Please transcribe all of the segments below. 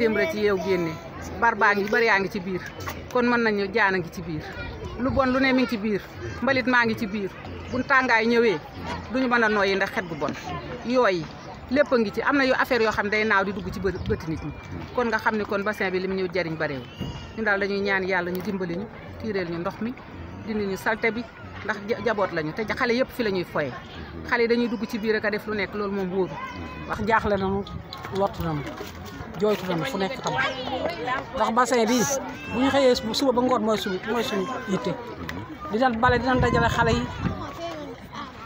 démb rek ci yow génne barbaa ngi bari yaa ngi ci biir kon mën nañu jaan a ngi ci biir lu bon lu ne mi ngi ci biir mbalit maa ngi ci biir bu tàngaay ñëwee duñu mën a yi ndax xet gu bon yooyu lépp a ngi ci am na yu affaire yoo xam ne day naaw di dugg ci bë bëti nit ñi kon nga xam ne kon basin bi lim ñëw jariñ bareew ñu daal dañuy ñaan yàlla ñu dimbali ñu tiireel ñu ndox mi dindi ñu salte bi ndax jaboot lañu te xale yëpp fi la ñuy foye xale yi dañuy dugg ci biir ak a def nekk loolu moom wóoru wax jaaxle nañu lott nañu jooytu nañ fu nekk tam ndax bassin bii bu ñu xëyee suba ba ngoon mooy suñu mooy suñu yitte dinañ bale dinañ dajale xale yi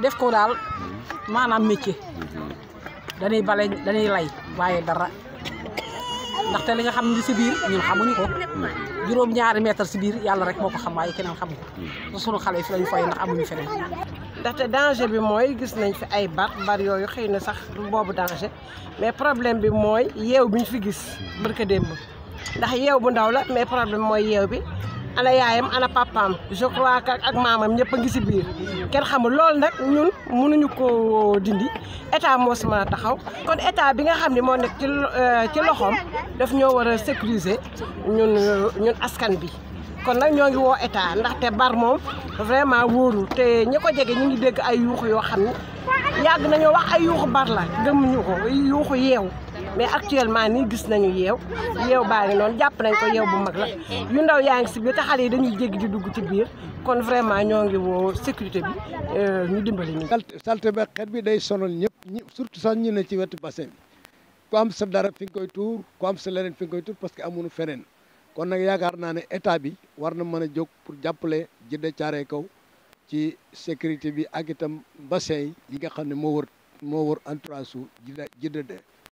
def ko daal maanaam métier mhm. dañuy bale dañuy lay waaye dara ndaxte li nga xam ni si biir ñun xamuñu ko juróom ñaari mètre si biir yàlla rek moo ko xam waaye keneen xamuñu ko hmm. sunu xale fi ñu fay ndax amuñu feneen ndaxte danger bi mooy gis nañ fi ay bar bar yooyu xëy na sax du boobu danger mais problème bi mooy yeew bi ñu fi gis barka démb ndax yeew bu ndaw la mais problème mooy yeew bi ana yaayam ana papaam je crois ak maamam ñëpp a ngi si biir kenn xamul loolu nag ñun mënuñu koo dindi état moo si mën a taxaw kon état bi nga xam ne moo nekk ci euh, ci loxoom daf ñoo war a sécuriser ñun ñun askan bi kon nag ñoo ngi woo état ndaxte bar moom vraiment wóoru te ñi ko jege ñu ngi dégg ay yuuxu yoo xam ne yàgg nañoo wax ay yuuxu bar la gëmuñu ko yuuxu yeewu mais actuellement nii gis nañu yeew yeew baa ngi noonu jàpp nañ ko yeew bu mag la yu ndaw yaa ngi si biir te xale yi dañuy jéggi di dugg ci biir kon vraiment ñoo ngi woo sécurité bi euh, ñu dimbali ñu. salte ba xet bi day sonal ñëpp surtout sax ñu ne ci wetu bassin bi ku am sa dara fi nga koy tuur ku am sa leneen fi nga koy tuur parce que nu feneen kon nag yaakaar naa ne état bi war na mën a jóg pour jàppale Djeddah Thiaroye Kaw ci sécurité bi ak itam bassin yi nga xam ne moo wër moo wër entourage su Djeddah Djeddah